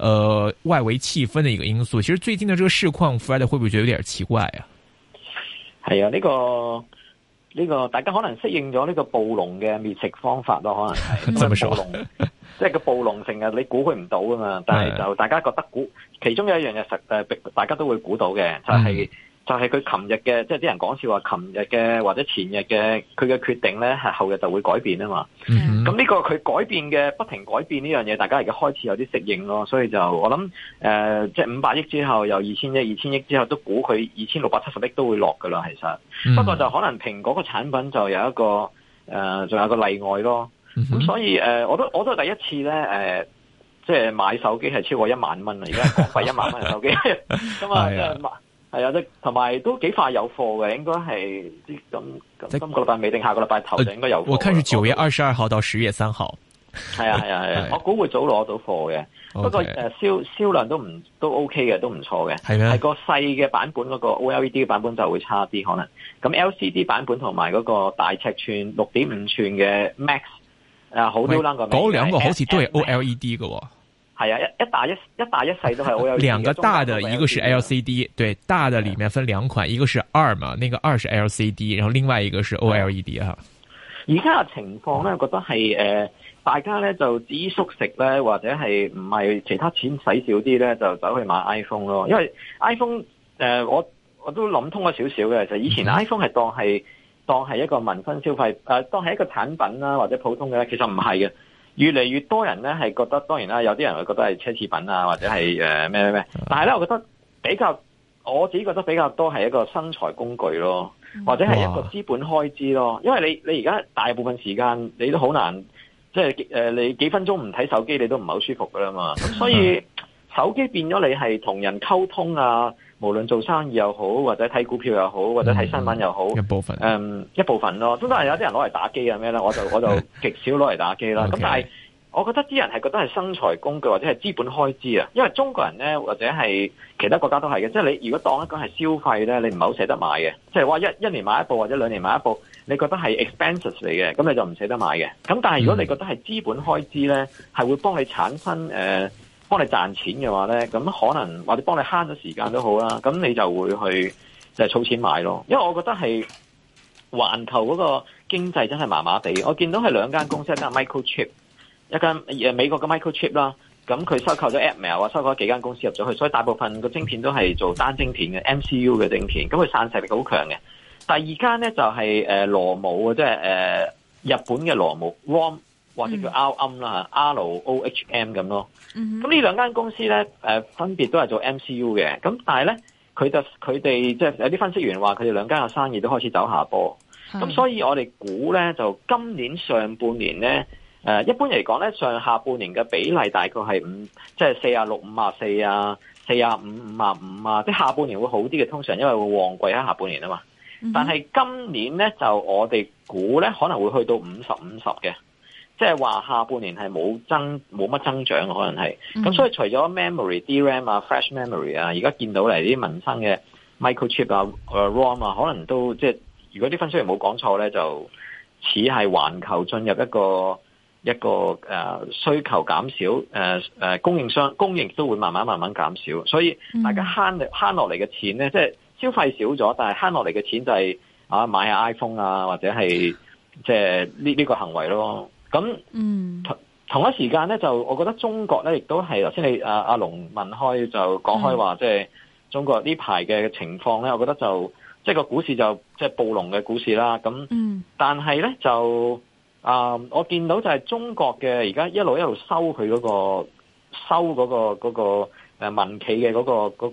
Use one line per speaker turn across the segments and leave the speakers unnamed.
呃，外圍氣氛的一個因素，其實最近的這個市況，friend 會不會覺得有點奇怪啊？
係啊，呢個呢個大家可能適應咗呢個暴龍嘅滅食方法咯，可能係係咪暴龍， 即係個暴龍成日你估佢唔到㗎嘛，但係就大家覺得 估，其中有一樣嘢實誒，大家都會估到嘅就係。是嗯就係佢琴日嘅，即係啲人講笑話，琴日嘅或者前日嘅佢嘅決定咧，係後日就會改變啊嘛。咁、mm、呢 -hmm. 個佢改變嘅，不停改變呢樣嘢，大家而家開始有啲適應咯。所以就我諗，誒、呃，即係五百億之後，又二千億、二千億之後，都估佢二千六百七十億都會落噶啦。其實、mm -hmm. 不過就可能蘋果個產品就有一個誒，仲、呃、有一個例外咯。咁、
mm -hmm. 所以誒、
呃，我都我都係第一次咧誒、呃，即係買手機係超過一萬蚊啊！而家講費一萬蚊嘅手機咁啊，係啊，即同埋都幾快有貨嘅，應該係啲咁今個禮拜未定，下個禮拜頭就應該有貨，呃。我看
是九月二十二號到十月三號。
係啊係啊係啊，我估會早攞到貨嘅。不過誒銷銷量都唔都 OK 嘅，都唔錯嘅。係咩？係個細嘅版本嗰個 OLED 嘅版本就會差啲可能。咁 LCD 版本同埋嗰個大尺寸六點五寸嘅 Max 誒、嗯啊，好多兩個嗰兩個好似
都係 OLED 嘅喎。嗯
係啊，一大一,一大一一大一細都係好有。兩、啊、個大
的，一個是 LCD，對大的裏面分兩款，一個是 R 嘛，那個 R 是 LCD，然後另外一個是 OLED 啊、嗯。而
家嘅情況咧，我覺得係誒、呃，大家咧就至於縮食咧，或者係唔係其他錢使少啲咧，就走去買 iPhone 咯。因為 iPhone 誒、呃，我我都諗通咗少少嘅，就是、以前 iPhone 係當係當係一個民生消費，誒、嗯啊，當係一個產品啦、啊，或者普通嘅，其實唔係嘅。越嚟越多人咧，係覺得當然啦，有啲人會覺得係奢侈品啊，或者係誒咩咩咩。但係咧，我覺得比較，我自己覺得比較多係一個生財工具咯，或者係一個資本開支咯。因為你你而家大部分時間你都好難，即係誒你幾分鐘唔睇手機你都唔係好舒服噶啦嘛。咁所以手機變咗你係同人溝通啊。無論做生意又好，或者睇股票又好，或者睇新聞又好，嗯，一部分，誒、嗯，一部分咯，都都係有啲人攞嚟打機啊咩啦，我就我就極少攞嚟打機啦。咁 但係，我覺得啲人係覺得係生財工具或者係資本開支啊。因為中國人咧或者係其他國家都係嘅，即係你如果當一個係消費咧，你唔係好捨得買嘅。即係話一一年買一部或者兩年買一部，你覺得係 expenses 嚟嘅，咁你就唔捨得買嘅。咁但係如果你覺得係資本開支咧，係、嗯、會幫你產生誒。呃幫你賺錢嘅話咧，咁可能或者幫你慳咗時間都好啦，咁你就會去就係儲錢買咯。因為我覺得係環球嗰個經濟真係麻麻地，我見到係兩間公司，一間 Microchip，一間美國嘅 Microchip 啦，咁佢收購咗 Atmel 啊，收購幾間公司入咗去，所以大部分個晶片都係做單晶片嘅 MCU 嘅晶片，咁佢散射力好強嘅。第二間咧就係誒羅姆啊，即係誒日本嘅羅姆。或、哦、者叫 R M 啦，R O H M 咁咯。咁、mm、呢 -hmm. 兩間公司咧，誒、呃，分別都係做 M C U 嘅。咁但係咧，佢就佢哋即係有啲分析員話，佢哋兩間嘅生意都開始走下坡。咁所以我哋估咧，就今年上半年咧，誒、呃，一般嚟講咧，上下半年嘅比例大概係五，即係四啊六五啊四啊，四啊五五啊五啊，即係下半年會好啲嘅。通常因為會旺季喺下半年啊嘛。Mm -hmm. 但係今年咧，就我哋估咧，可能會去到五十五十嘅。即係話下半年係冇增冇乜增長，可能係，咁、嗯、所以除咗 memory DRAM 啊、flash memory 啊，而家見到嚟啲民生嘅 microchip 啊、誒 ROM 啊，可能都即係、就是、如果啲分析員冇講錯咧，就似係環球進入一個一個誒、啊、需求減少，誒、啊、誒、啊、供應商供應都會慢慢慢慢減少，所以大家慳慳落嚟嘅錢咧，即、就、係、是、消費少咗，但係慳落嚟嘅錢就係、是、啊買下 iPhone 啊，或者係即係呢呢個行為咯。咁同同一時間咧、嗯，就我覺得中國咧，亦都係頭先你阿阿龍問開就講開話，即、嗯、係、就是、中國呢排嘅情況咧，我覺得就即係個股市就即係、就是、暴龍嘅股市啦。咁、嗯，但係咧就啊、呃，我見到就係中國嘅而家一路一路收佢嗰、那個收嗰、那個嗰、那個民企嘅嗰、那個嗰、那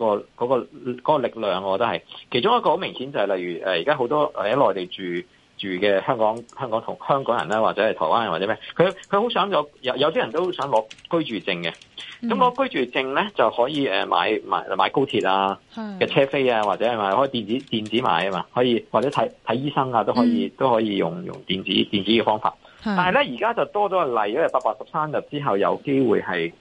個嗰、那個力量，我覺得係其中一個好明顯就係、是、例如而家好多喺內地住住嘅香港香港同香港人啦，或者係台灣人或者咩，佢佢好想有有有啲人都想攞居住證嘅。咁、嗯、攞、那個、居住證咧，就可以誒買買買高鐵啊嘅車飛啊，或者係買開電子電子買啊嘛，可以或者睇睇醫生啊都可以、嗯、都可以用用電子電子嘅方法。
是但係咧
而家就多咗個例如因為一百八十三日之後有機會係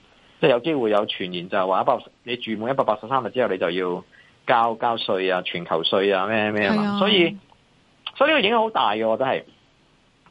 即係有機會有傳言，就係話一百你住滿一百八十三日之後，你就要交交稅啊、全球稅啊咩咩啊嘛，所以。所以呢個影響好大嘅，我係、就是。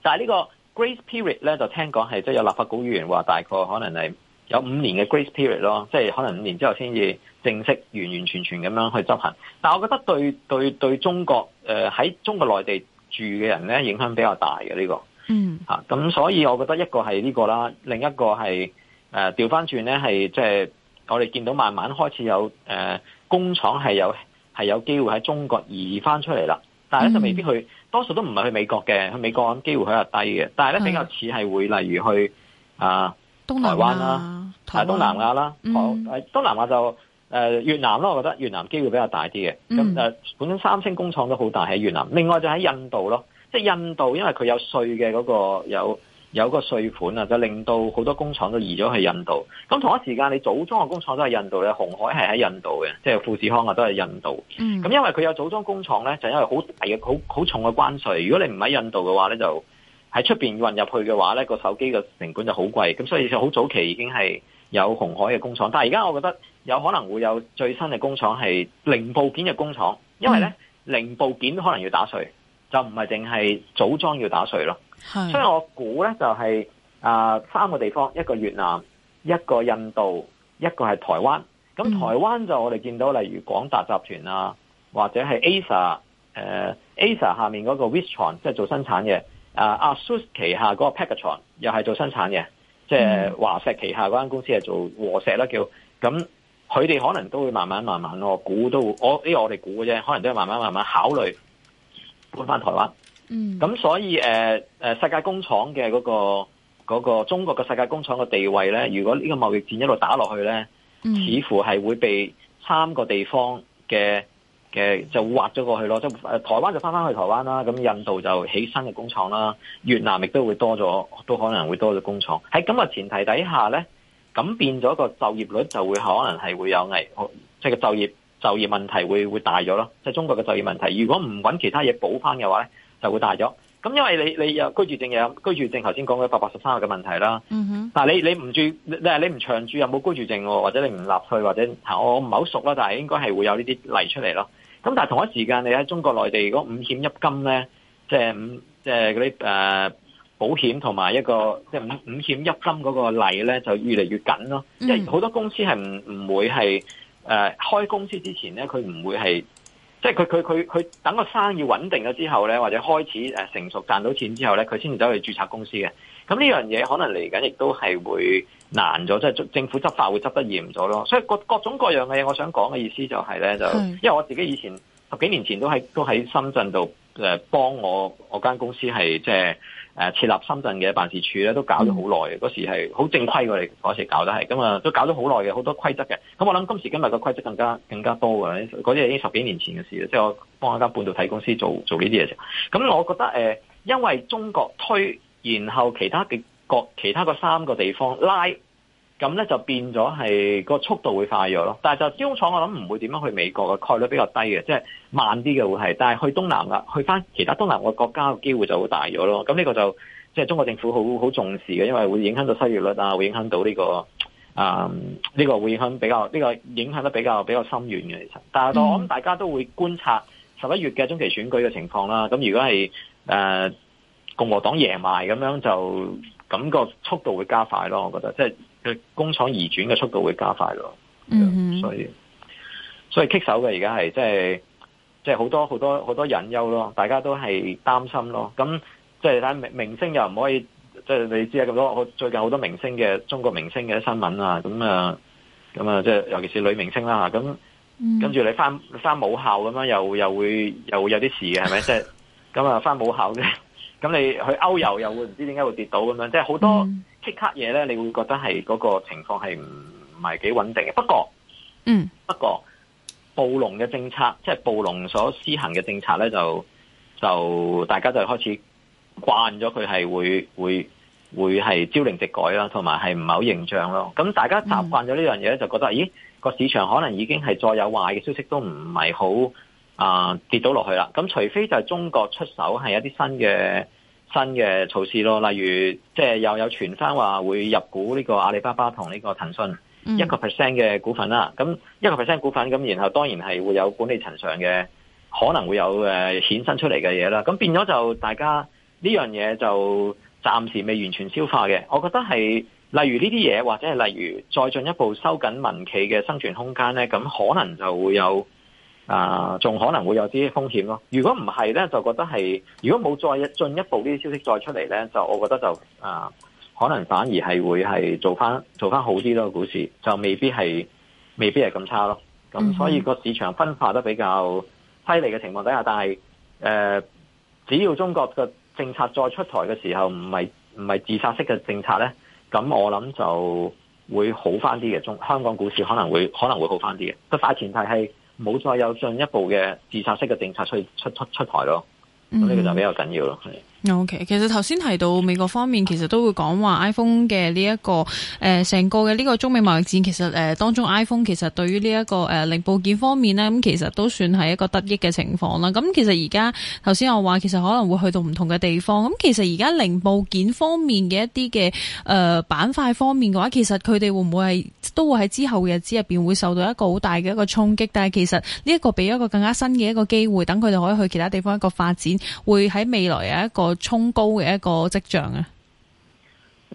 但係呢個 grace period 呢，就聽講係即係有立法局議員話，大概可能係有五年嘅 grace period 咯，即係可能五年之後先至正式完完全全咁樣去執行。但係我覺得對，對，對中國誒喺中國內地住嘅人咧影響比較大嘅呢、呢個。嗯。咁、啊、所以我覺得一個係呢、呢個啦，另一個係誒調翻轉咧係即係我哋見到慢慢開始有、啊、工廠係有係有機會喺中國移翻出嚟啦。但係咧就未必去，嗯、多數都唔係去美國嘅，去美國咁機會比較低嘅。但係咧比較似係會例如去、呃、東灣啊，台灣啦，啊東南亞啦，誒、嗯、東南亞就誒、呃、越南咯，我覺得越南機會比較大啲嘅。咁、嗯、誒，那本身三星工廠都好大喺越南，另外就喺印度咯，即係印度因為佢有稅嘅嗰個有。有個稅款啊，就令到好多工廠都移咗去印度。咁同一時間，你組裝嘅工廠都係印度咧，紅海係喺印度嘅，即係富士康啊都係印度。咁、嗯、因為佢有組裝工廠呢，就因為好大嘅好好重嘅關稅。如果你唔喺印度嘅話呢，就喺出面運入去嘅話呢，個手機嘅成本就好貴。咁所以就好早期已經係有紅海嘅工廠。但而家我覺得有可能會有最新嘅工廠係零部件嘅工廠，因為呢、嗯、零部件可能要打稅，就唔係淨係組裝要打稅咯。所以我估咧就係、是、啊三個地方，一個越南，一個印度，一個係台灣。咁台灣就我哋見到，例如廣達集團啊，或者係 Acer 誒 Acer 下面嗰個 Wistron 即係做生產嘅。啊阿 ASUS 旗下嗰個 Pegatron 又係做生產嘅，即係華碩旗下嗰間公司係做和碩啦叫。咁佢哋可能都會慢慢慢慢咯，估都會我呢我哋估嘅啫，可能都係慢慢慢慢考慮搬翻台灣。嗯，咁所以誒誒、呃呃，世界工廠嘅嗰個、嗰個中國嘅世界工廠嘅地位咧，如果呢個貿易戰一路打落去咧，似乎係會被三個地方嘅嘅就挖咗過去咯，即係誒、台灣就翻翻去台灣啦，咁印度就起新嘅工廠啦，越南亦都會多咗，都可能會多咗工廠。喺咁嘅前提底下咧，咁變咗個就業率就會可能係會有危，即係個就業就業問題會會大咗咯，即係中國嘅就業問題，如果唔搵其他嘢補翻嘅話咧。就會大咗，咁因為你你有居住證，有居住證，頭先講嘅百八十三日嘅問題啦。Mm -hmm. 但係你你唔住，但係你唔長住又冇居住證，或者你唔立去，或者我唔係好熟啦，但係應該係會有呢啲例出嚟咯。咁但係同一時間，你喺中國內地的五險一金咧，即係五即係啲誒保險同埋一個即係、就是、五五險一金嗰個例咧，就越嚟越緊咯。即係好多公司係唔唔會係誒、呃、開公司之前咧，佢唔會係。即係佢佢佢佢等個生意穩定咗之後咧，或者開始誒成熟賺到錢之後咧，佢先至走去註冊公司嘅。咁呢樣嘢可能嚟緊亦都係會難咗，即係政府執法會執得嚴咗咯。所以各各種各樣嘅嘢，我想講嘅意思就係咧，就因為我自己以前十幾年前都喺都喺深圳度誒幫我我間公司係即係。就是誒設立深圳嘅辦事處咧，都搞咗好耐嘅。嗰時係好正規嘅，我哋嗰時搞得係，咁啊都搞咗好耐嘅，好多規則嘅。咁我諗今時今日個規則更加更加多嘅。嗰啲已經十幾年前嘅事啦，即係我幫一間半導體公司做做呢啲嘢嘅。咁我覺得誒，因為中國推，然後其他嘅國其他三個地方拉。咁咧就變咗係個速度會快咗咯，但係就招廠我諗唔會點樣去美國嘅概率比較低嘅，即係慢啲嘅會係，但係去東南亞、去翻其他東南亞國家嘅機會就會大咗咯。咁呢個就即係中國政府好好重視嘅，因為會影響到失業率啊，會影響到呢個啊呢個會影響比較呢個影響得比較比較深遠嘅。其實，但係我諗大家都會觀察十一月嘅中期選舉嘅情況啦。咁如果係呃共和黨贏埋咁樣，就感覺速度會加快咯。我覺得即係。嘅工廠移轉嘅速度會加快咯，mm
-hmm. 所
以所以棘手嘅而家係即係即係好多好多好多隱憂咯，大家都係擔心咯。咁即係睇明明星又唔可以，即係你知啊，咁多好最近好多明星嘅中國明星嘅新聞啊，咁啊咁啊，即係尤其是女明星啦，咁跟住你翻翻母校咁樣，又又會又會有啲事嘅，係咪？即係咁啊，翻母校嘅，咁你去歐遊又會唔知點解會跌倒咁樣，即係好多。Mm -hmm. 即刻嘢咧，你會覺得係嗰個情況係唔唔係幾穩定嘅？不過，嗯，不過暴龍嘅政策，即係暴龍所施行嘅政策咧，就就大家就開始慣咗佢係會會會係朝令夕改啦，同埋係唔係好形象咯。咁大家習慣咗呢樣嘢咧，就覺得、嗯、咦個市場可能已經係再有壞嘅消息都唔係好啊跌到落去啦。咁除非就係中國出手係一啲新嘅。新嘅措施咯，例如即係又有傳翻話會入股呢個阿里巴巴同呢個騰訊一個 percent 嘅股份啦，咁一個 percent 股份咁，然後當然係會有管理層上嘅可能會有誒衍生出嚟嘅嘢啦，咁變咗就大家呢樣嘢就暫時未完全消化嘅，我覺得係例如呢啲嘢，或者係例如再進一步收緊民企嘅生存空間咧，咁可能就會有。啊、呃，仲可能會有啲風險咯。如果唔係咧，就覺得係如果冇再進一步呢啲消息再出嚟咧，就我覺得就啊，可能反而係會係做翻做翻好啲咯。股市就未必係未必係咁差咯。咁所以個市場分化得比較犀利嘅情況底下，但係誒、呃，只要中國嘅政策再出台嘅時候，唔係唔係自殺式嘅政策咧，咁我諗就會好翻啲嘅。中香港股市可能會可能會好翻啲嘅。個大前提係。冇再有進一步嘅自殺式嘅政策出出出出台咯，
咁呢個就比
較緊要咯，
嗯，係。OK，其實頭先提到美國方面，其實都會講話 iPhone 嘅呢一個誒成、呃、個嘅呢個中美貿易戰，其實、呃、當中 iPhone 其實對於呢、這、一個、呃、零部件方面呢，咁、嗯、其實都算係一個得益嘅情況啦。咁、嗯、其實而家頭先我話其實可能會去到唔同嘅地方，咁、嗯、其實而家零部件方面嘅一啲嘅板塊方面嘅話，其實佢哋會唔會係都會喺之後嘅日子入邊會受到一個好大嘅一個衝擊？但係其實呢一個俾一個更加新嘅一個機會，等佢哋可以去其他地方一個發展，會喺未來有一個。衝高嘅一個跡象啊。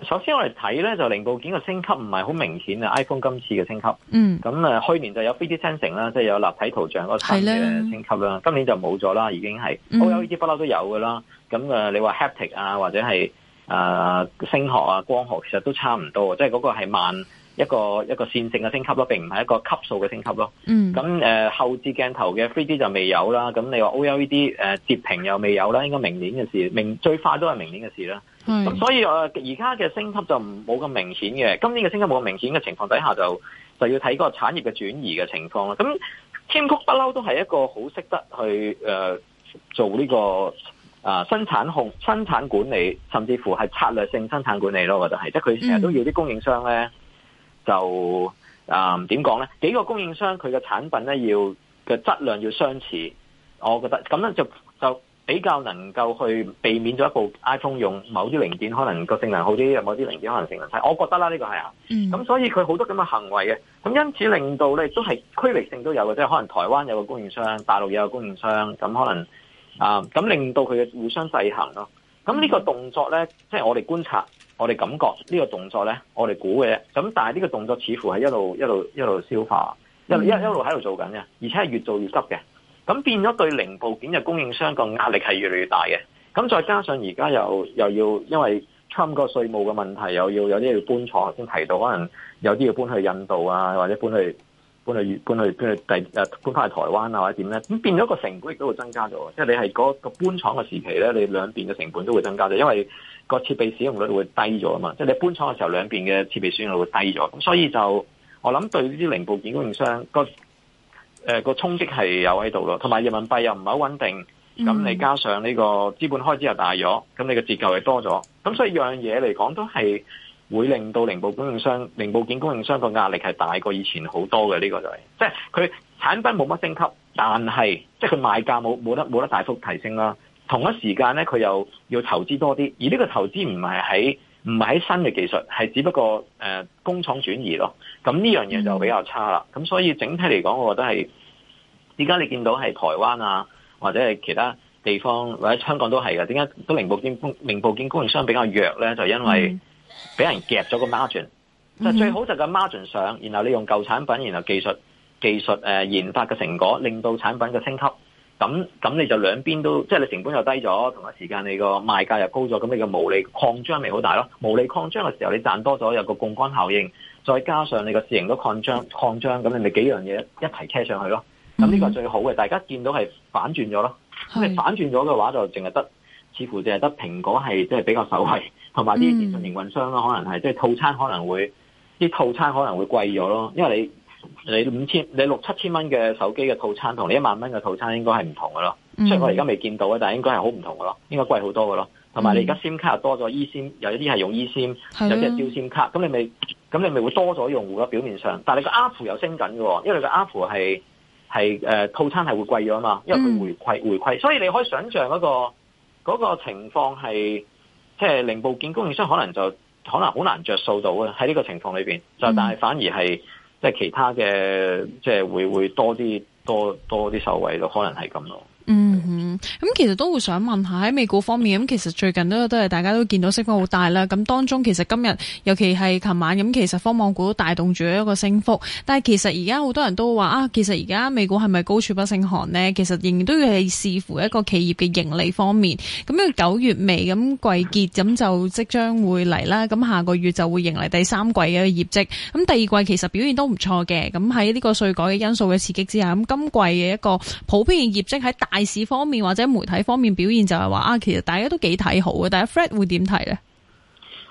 首先我哋睇咧，就零部件嘅升級唔係好明顯啊。iPhone 今次嘅升級，嗯，咁去年就有 3D sensing 啦，即係有立體圖像嗰個新的升級啦，嗯，今年就冇咗啦，已經係 OLED 不嬲都有噶啦。咁啊，你話 haptic 啊，或者係啊聲學啊、光學，其實都差唔多，即係嗰個係慢。一個一個線性嘅升級咯，並唔係一個級數嘅升級咯。嗯。咁、呃、後置鏡頭嘅 3D 就未有啦。咁你話 OLED 誒折屏又未有啦，應該明年嘅事，明最快都係明年嘅事啦。咁所以而家嘅升級就冇咁明顯嘅。今年嘅升級冇咁明顯嘅情況底下就，就就要睇嗰個產業嘅轉移嘅情況啦。咁 Tim Cook 不嬲都係一個好識得去誒、呃、做呢、這個啊、呃、生產控、生產管理，甚至乎係策略性生產管理咯。我覺得係，即係佢成日都要啲供應商咧。就啊，點講咧？幾個供應商佢嘅產品咧，要嘅質量要相似，我覺得咁咧就就比較能夠去避免咗一部 iPhone 用某啲零件可能個性能好啲，某啲零件可能性能差。我覺得啦，呢、這個係啊，咁、嗯、所以佢好多咁嘅行為嘅，咁因此令到咧都係區域性都有嘅，即係可能台灣有個供應商，大陸有個供應商，咁可能啊，咁、呃、令到佢嘅互相制衡咯。咁呢個動作咧，即係我哋觀察。我哋感覺呢個動作呢，我哋估嘅，咁但係呢個動作似乎係一路一路一路消化，一路一路喺度做緊嘅，而且係越做越急嘅，咁變咗對零部件嘅供應商個壓力係越嚟越大嘅，咁再加上而家又又要因為差唔多稅務嘅問題，又要，又要有啲要搬廠，頭先提到可能有啲要搬去印度啊，或者搬去。搬去搬去，即係第、誒、搬翻去台灣啊，或者點咧，咁變咗個成本亦都會增加咗，即係你係嗰個搬廠嘅時期咧，你兩邊嘅成本都會增加咗，因為個設備使用率會低咗啊嘛，即係你搬廠嘅時候兩邊嘅設備使用率會低咗，咁所以就我諗對呢啲零部件供應商個誒、個衝擊係有喺度咯，同埋人民幣又唔係好穩定，咁你加上呢個資本開支又大咗，咁你嘅折扣係多咗，咁所以樣嘢嚟講都係。會令到零部件供應商、零部件供應商個壓力係大過以前好多嘅，呢、這個就係、是、即係佢產品冇乜升級，但係即係佢賣價冇冇得冇得大幅提升啦。同一時間咧，佢又要投資多啲，而呢個投資唔係喺唔係喺新嘅技術，係只不過誒、呃、工廠轉移咯。咁呢樣嘢就比較差啦。咁、嗯、所以整體嚟講，我覺得係而家你見到係台灣啊，或者係其他地方或者香港都係嘅。點解都零部件供零部件供應商比較弱咧？就因為俾人夾咗個 margin，mm -hmm. 就最好就個 margin 上，然後你用舊產品，然後技術技術誒研發嘅成果，令到產品嘅升級，咁咁你就兩邊都即係、就是、你成本又低咗，同埋時間你個賣價又高咗，咁你個毛利擴張咪好大咯？毛利擴張嘅時候，你賺多咗有個槓桿效應，再加上你個市盈都擴張擴張，咁你咪幾樣嘢一齊扯上去咯。咁呢個係最好嘅，大家見到係反轉咗咯。咁你反轉咗嘅話，就淨係得。似乎淨係得蘋果係即係比較受惠，同埋啲電信營運商咯、嗯，可能係即係套餐可能會啲套餐可能會貴咗咯，因為你你五千你六七千蚊嘅手機嘅套餐同你一萬蚊嘅套餐應該係唔同嘅咯，
雖、嗯、然我而家未
見到啊，但係應該係好唔同嘅咯，應該貴好多嘅咯，同、嗯、埋你而家 SIM 卡又多咗，E SIM 有一啲係用 E SIM 有隻招 SIM 卡，咁你咪咁你咪會多咗用戶咯，表面上，但係你個 Apple 又升緊喎，因為個 Apple 係套餐係會貴咗嘛，因為佢回饋、嗯、回饋，所以你可以想象一個。嗰、那個情況係，即係零部件供應商可能就可能好難著數到啊！喺呢個情況裏面。就但係反而係即係其他嘅，即係會會多啲多多啲受惠。咯，可能係咁咯。
咁、嗯、其實都會想問下喺美股方面，咁其實最近都都係大家都見到升幅好大啦。咁當中其實今日，尤其係琴晚，咁其實科網股都帶動住一個升幅。但係其實而家好多人都話啊，其實而家美股係咪高處不勝寒呢？其實仍然都要係視乎一個企業嘅盈利方面。咁因為九月尾咁季結，咁就即將會嚟啦。咁下個月就會迎嚟第三季嘅業績。咁第二季其實表現都唔錯嘅。咁喺呢個稅改嘅因素嘅刺激之下，咁今季嘅一個普遍業績喺大市方面，或者媒體方面表現就係話啊，其實大家都幾睇好嘅。但係 Fred 會點睇咧？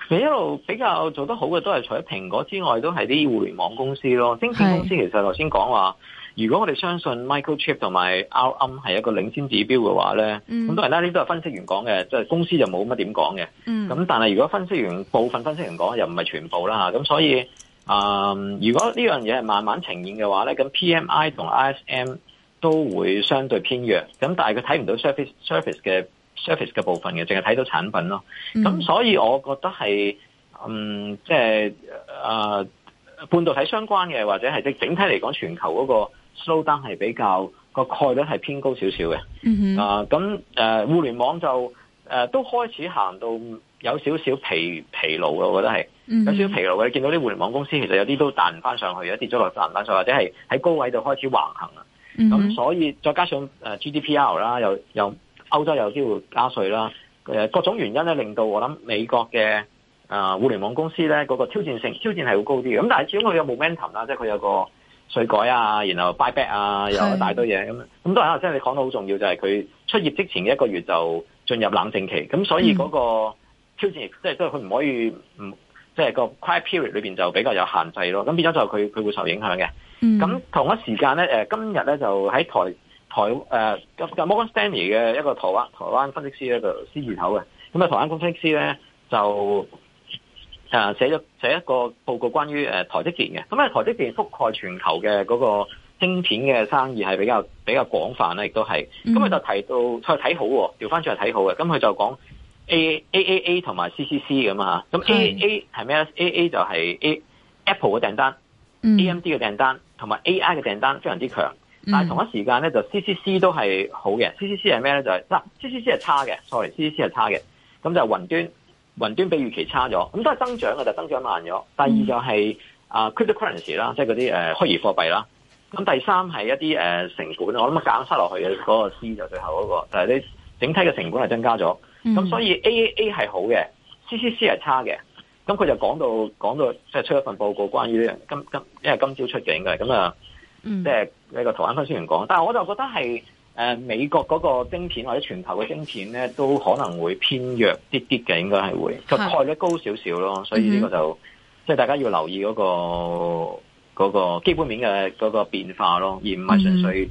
你一路比較做得好嘅都係除咗蘋果之外，都係啲互聯網公司咯。晶片公司其實頭先講話，如果我哋相信 Microchip 同埋 ARM 係一個領先指標嘅話咧，咁當然啦，呢啲都係分析員講嘅，即係公司就冇乜點講嘅。咁、嗯、但係如果分析員部分分析員講，又唔係全部啦。咁所以，嗯、呃，如果呢樣嘢係慢慢呈現嘅話咧，咁 PMI 同 ISM。都會相對偏弱，咁但係佢睇唔到 service, surface surface 嘅 surface 嘅部分嘅，淨係睇到產品咯。咁、mm -hmm. 所以我覺得係嗯，即係啊，半導體相關嘅或者係即整體嚟講，全球嗰個 slow down 係比較個概率係偏高少少嘅。
Mm -hmm.
啊，咁誒互聯網就誒、呃、都開始行到有少少疲疲勞嘅，我覺得係
有
少少疲
勞嘅。你見到啲互聯網公司其實有啲都彈唔翻上去，而家跌咗落嚟，彈唔翻上，或者係喺高位度開始橫行。咁所以再加上 GDPR 啦，又又歐洲有機會加稅啦，各種原因咧令到我諗美國嘅，呃、互聯網公司咧個、那個挑戰性挑戰係會高啲嘅。咁但係始終佢有 momentum 啦，即係佢有個稅改啊，然後 buyback 啊，又一大堆嘢咁。咁、嗯嗯、都係啊，即、就是、你講到好重要，就係、是、佢出業績前嘅一個月就進入冷靜期，咁所以嗰個挑戰、嗯、即係都係佢唔可以唔。即、就、係、是、個 quiet period 裏面就比較有限制咯，咁變咗就佢佢會受影響嘅。咁、mm. 同一時間咧，今日咧就喺台台誒、呃、Morgan Stanley 嘅一個台灣台灣分，分析師呢，就 C 字頭嘅，咁啊台灣分析師咧就寫咗寫一個報告關於台積電嘅。咁啊台積電覆蓋全球嘅嗰個晶片嘅生意係比較比較廣泛咧，亦都係。咁佢就提到去睇好喎、哦，調翻出去睇好嘅。咁佢就講。A A A A 同埋 C C C 咁啊，咁 A A A 係咩咧？A A 就係 A Apple 嘅訂單，A M D 嘅訂單，同埋 A I 嘅訂單非常之強。Mm. 但係同一時間咧，就 C C C 都係好嘅。C C C 係咩咧？就係、是、嗱，C C C 係差嘅，sorry，C C C 係差嘅。咁就雲端，雲端比預期差咗。咁都係增長嘅，就是、增長慢咗。第二就係、是、啊、mm. uh,，cryptocurrency 啦，即係嗰啲誒虛擬貨幣啦。咁第三係一啲誒、uh、成本，我諗減曬落去嘅嗰個 C 就最後嗰、那個，但係你整體嘅成本係增加咗。咁所以 A A A 係好嘅，C C C 係差嘅，咁佢就講到講到即係出一份報告關於呢，今今因為今朝出警嘅，咁啊，即係呢個台灣分析師講，但係我就覺得係誒美國嗰個晶片或者全球嘅晶片咧，都可能會偏弱啲啲嘅，應該係會就概率高少少咯，所以呢個就即係、嗯、大家要留意嗰個嗰個基本面嘅嗰個變化咯，而唔係純粹、嗯。嗯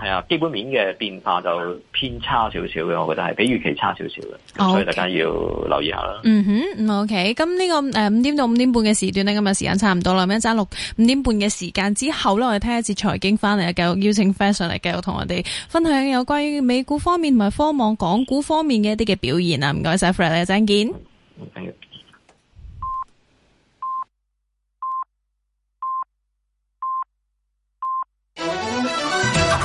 係啊，基本面嘅變化就偏差少少嘅，我覺得係比預期差少少嘅，okay. 所以大家要留意下啦。
嗯哼，OK，咁呢個誒五點到五點半嘅時段呢，今日時間差唔多啦，咁樣一陣六五點半嘅時間之後咧，我哋聽一次財經翻嚟，繼續邀請 Frank 上嚟，繼續同我哋分享有關於美股方面同埋科網港股方面嘅一啲嘅表現啦。唔該晒，Frank，一陣見。